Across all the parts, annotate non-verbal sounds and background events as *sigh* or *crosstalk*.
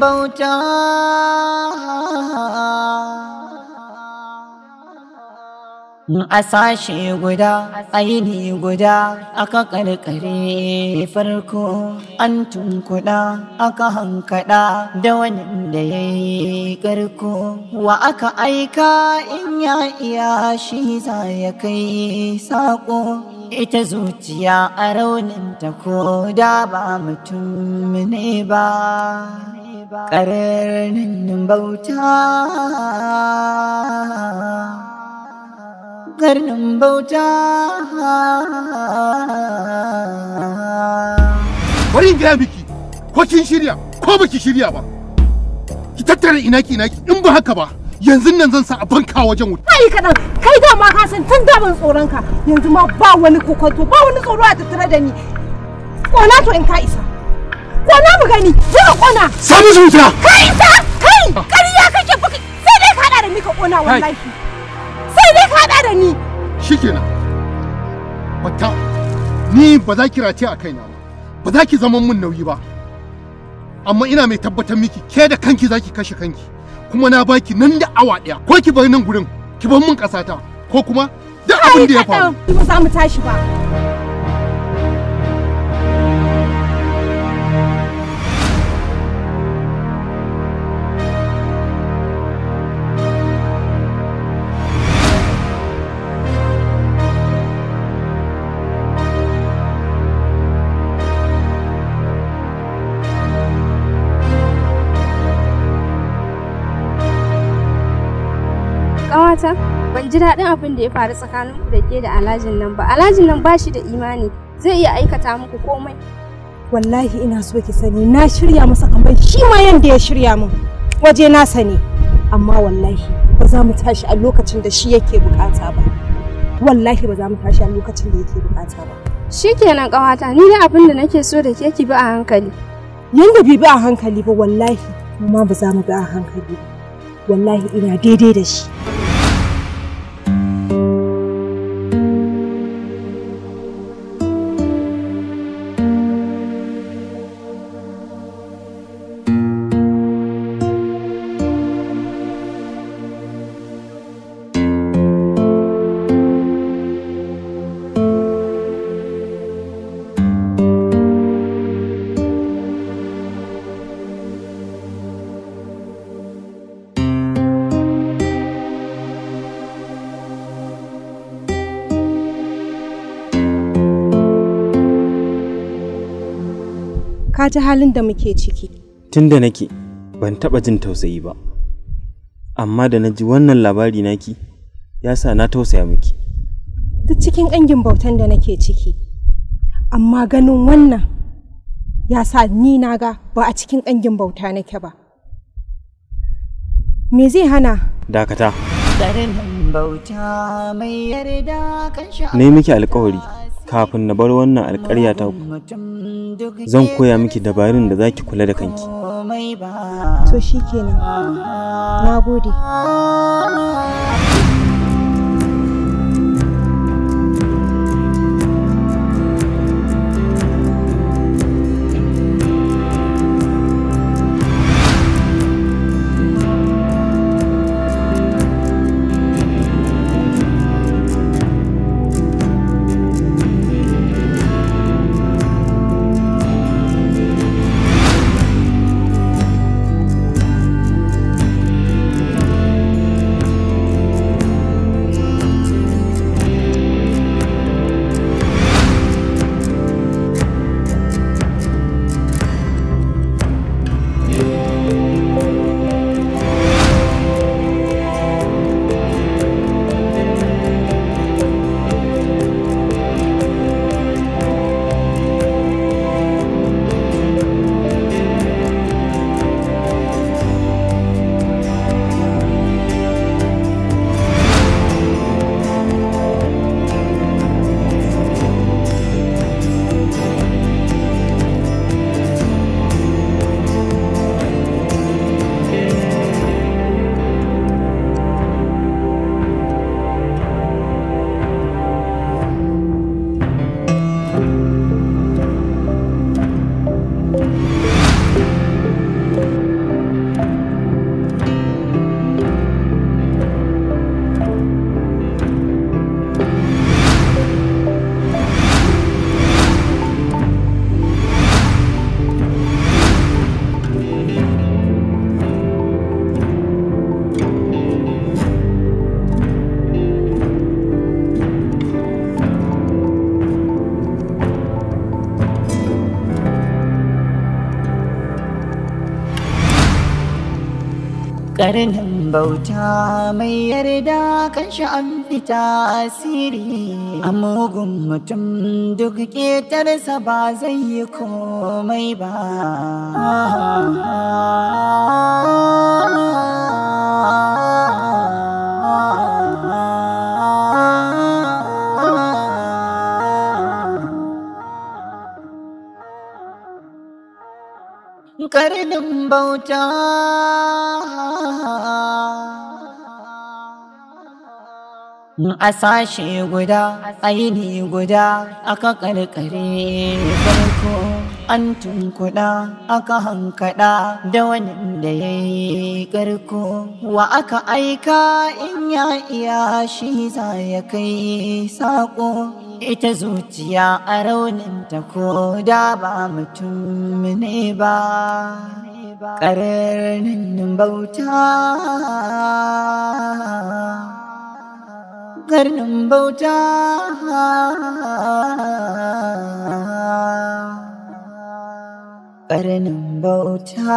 bauta a sashe guda aini guda aka karkare farko an tunkuɗa aka hankaɗa da wani da ya yi karko wa aka aika in ya iya shi za ya kai saƙo ita zuciya a raunin ta ko da ba mutum ne ba ƙararrenin bauta ƙarnin bauta bari gaya miki ko kin shirya ko baki shirya ba ki tattara inaki inaki in ba haka ba yanzu nan zan sa a banka wajen wuta. Kai kaɗan, kai dama ka san tun daban tsoronka yanzu ma ba wani kokonto ba wani tsoro a tattare da ni. Ƙona to in ka isa. Sana mu gani, zo ka kona. Sa mu zuta. Kai sa, kai, ƙarya kake fuka. Sai dai ka hada da ni ka kona wallahi. Sai dai ka hada da ni. Shikenan. Wata ni ba za ki race a kaina ba. Ba za ki zama mun nauyi ba. Amma ina mai tabbatar miki ke da kanki za ki kashe kanki. Kuma na baki nan da awa daya Ko ki bar nan gurin, ki bar mun kasata Ko kuma duk abin da ya faru. Ba za mu tashi ba. ƙawata ban ji daɗin abin da ya faru tsakanin ku da ke da alhajin nan ba alhajin nan ba shi da imani zai iya aikata muku komai wallahi ina so ki sani na shirya masa kamar shi ma yanda ya shirya min waje na sani amma wallahi ba za mu tashi a lokacin da shi yake bukata ba wallahi ba za mu tashi a lokacin da yake bukata ba shikenan ƙawata ni ne abin da nake so da ke ki bi a hankali yanda bi bi a hankali ba wallahi kuma ba za mu bi a hankali ba wallahi ina daidai da shi ta ji halin da muke ciki. Tun da nake ban taɓa jin tausayi ba, amma da na ji wannan labari naki ya sa na tausaya miki. Duk cikin ƙangin bautan da nake ciki, amma ganin wannan ya sa ni na ga ba a cikin ƙangin bauta nake ba. Me zai hana? Dakata. Ne miki alkawari. kafin na bar wannan alƙarya ta ku zan koya miki dabarun da zaki kula da kanki to shikenan na gode Ƙarnin bauta mai yarda kan an fita asiri a mugun mutum duk ƙetarsa ba zai yi komai ba. karnin bauta Asashe guda aini guda aka karkare farko an tunkuɗa aka hankaɗa da wani da ya yi wa aka aika in ya iya shi za ya kai saƙo ita zuciya a raunin ta ko da ba mutum ne ne ba ƙararren bauta ƙarnin bauta ƙarnin bauta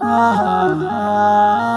ah, ah, ah.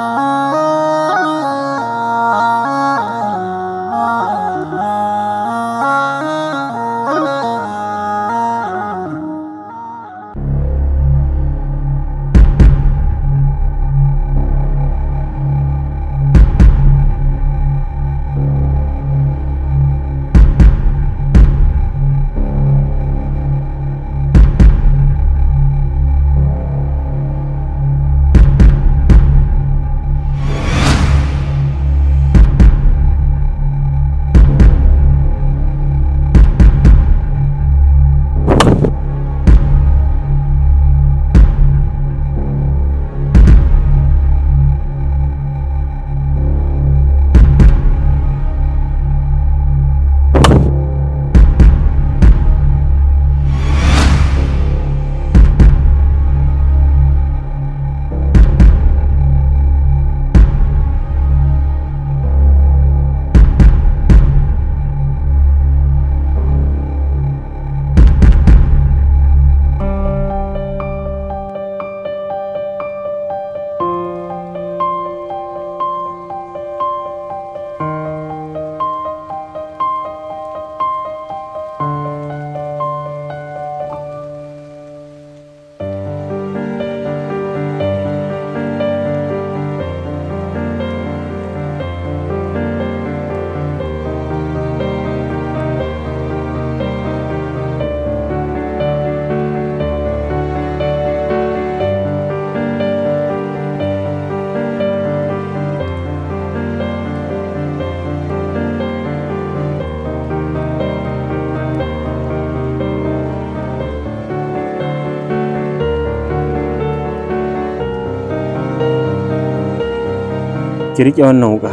ki riƙe wannan wuka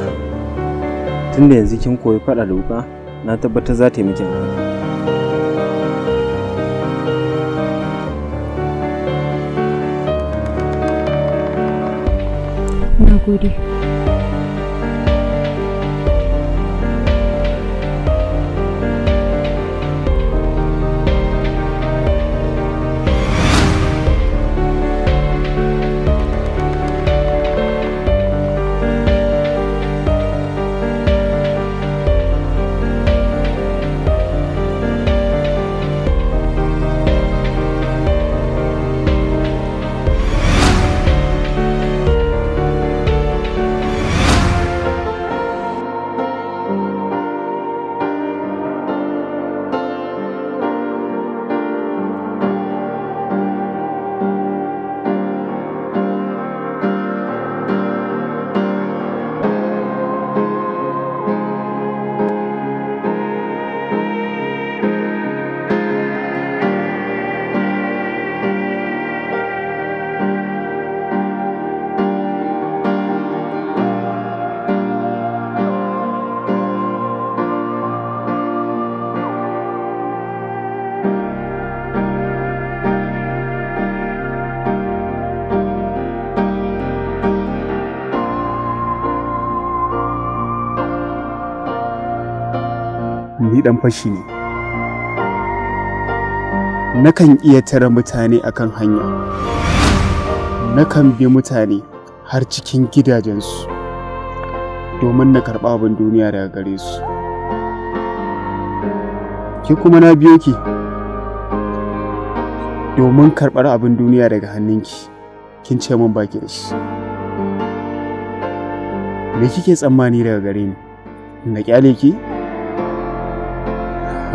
tunda yanzu kin koyi faɗa da wuƙa na tabbatar za ta yi miki na dan fashi ne nakan iya tara mutane akan hanya nakan bi mutane har cikin gidajensu domin na karɓa abin duniya daga gare su ki kuma na biyo ki domin karɓar abin duniya daga hannunki kin ce min baki da shi me kike tsammani daga gare ni na kyale ki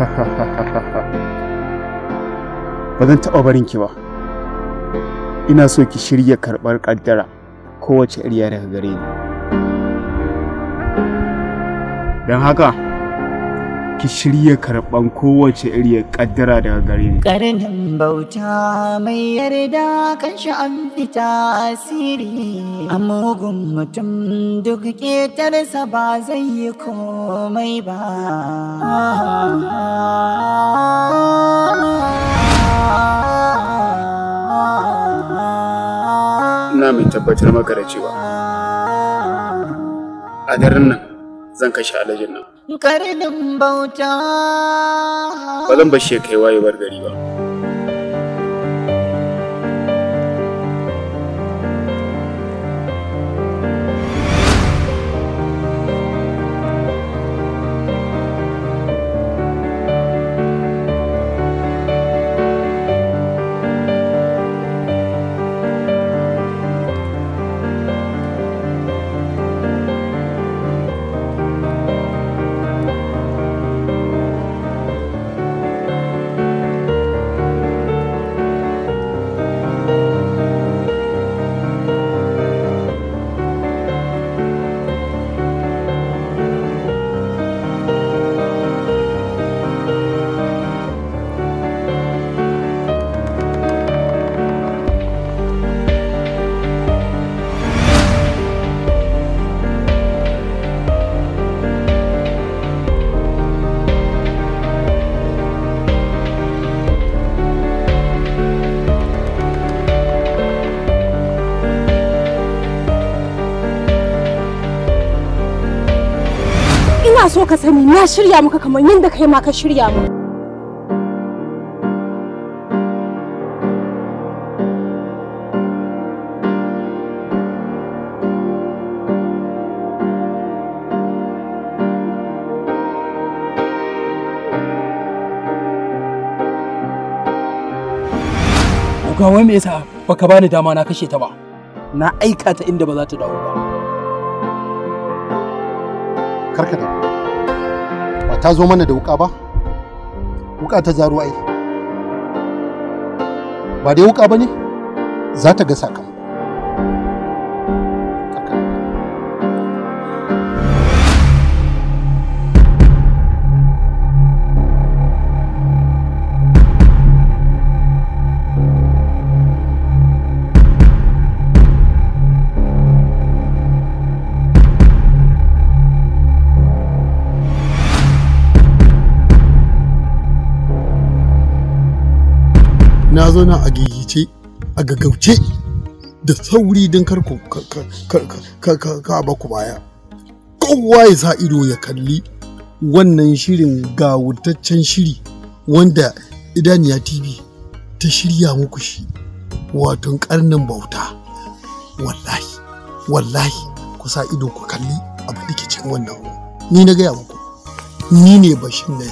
*laughs* ba zan taɓa barin ki ba ina so ki shirya karɓar ƙaddara kowace iriya daga gare ni don haka ki shirya karɓan kowace iri ƙaddara daga gare ni. Ƙarnin bauta mai yarda kan an fita asiri, a mugun mutum duk ƙetarsa ba zai yi komai ba. ina mai tabbatar maka da cewa a daren nan zan kashe alajin nan karnin bauta. Ba zan bashe kai wayewar gari ba. ina so ka sani na shirya maka kamar yadda kai ma ka shirya mu ga wai me yasa baka bani dama na kashe ta ba na aika ta inda ba za ta dawo ba karkata ta zo mana da wuka ba wuka ta zaro ai ba dai wuka ba ne za ta ga sakamako na zauna a gigice a gagauce da sauri don karku ka ku baya kowa ya sa ido ya kalli wannan shirin gawurtaccen shiri wanda idaniya tv ta shirya muku shi waton karnin bauta wallahi wallahi ku sa ido ku kalli abin da ke cikin wannan ni na gaya muku ni ne bashin na